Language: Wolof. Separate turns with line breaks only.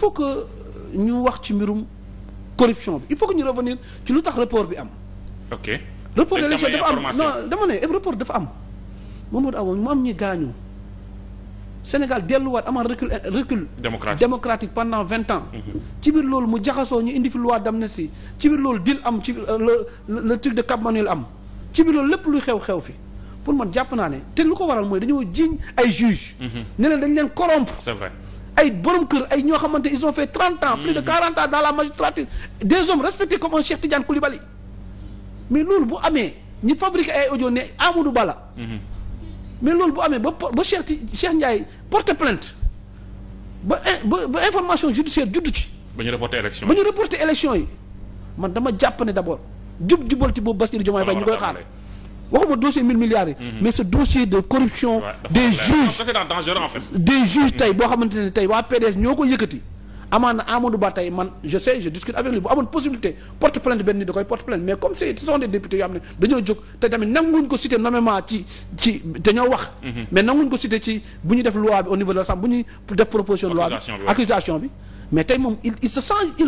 faut ñu wax ci mbirum corruption bi il faut que ñu revenir ci lu tax report bi am. ok report de l'élection dafa am non dama ne report dafa am Mamadou Awa mu am ñi gaañoo Sénégal delluwaat amaan recul recul. démocratique démocratique pendant vingt ans. Mhm. ci biir loolu mu jaxasoo ñu indi fi loi d'amnistie ci biir loolu dil am ci euh, le le truc de Cap Manuel am ci biir loolu lépp luy xew xew fi. pour man jàpp naa ne te lu ko waral mooy dañoo jiiñ ay juge mhm. ne leen dañ leen corrompre ay borom kër ay ñoo xamante ils ont fait trente ans plus de mm. quarante ans dans la magistrature des hommes respectés comme un Cheikh Tidiane Koulibaly mais loolu bu amee ñi fabriqué ay audio ne Amadou Ba mm-hmm. mais loolu bu amee ba ba Cheikh ci Cheikh Ndiaye porte plainte ba ba information judiciaire juddu ci. ba ñu reporté élection yi ñu reporté élection yi man dama jàpp ne d' abord jub jubbal ci boobu Bassirou Diomaye Faye ñu koy xaar. waxuma dossier mille milliards yi. Mhm. mais ce dossier de corruption. des juges tey mhm. boo xamante ne tey waa PDS ñoo ko yëkkati. amaana Amadou Ba tey man je sais je discute avec lui bu amoon possibilité porte plainte benn nit da koy porte plainte mais comme ce sont des députés yoo xam ne dañoo jóg te tamit nanguñ ko cité nommément ci ci dañoo wax. Mhm. mais nanguñ ko cité ci bu ñu def loi bi au niveau de l'Assemblée bu ñuy def proposition loi bi accusation bi mais tey moom il il se change